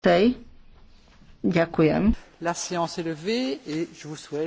Tej. Ďakujem. La séance est levée et je vous souhaite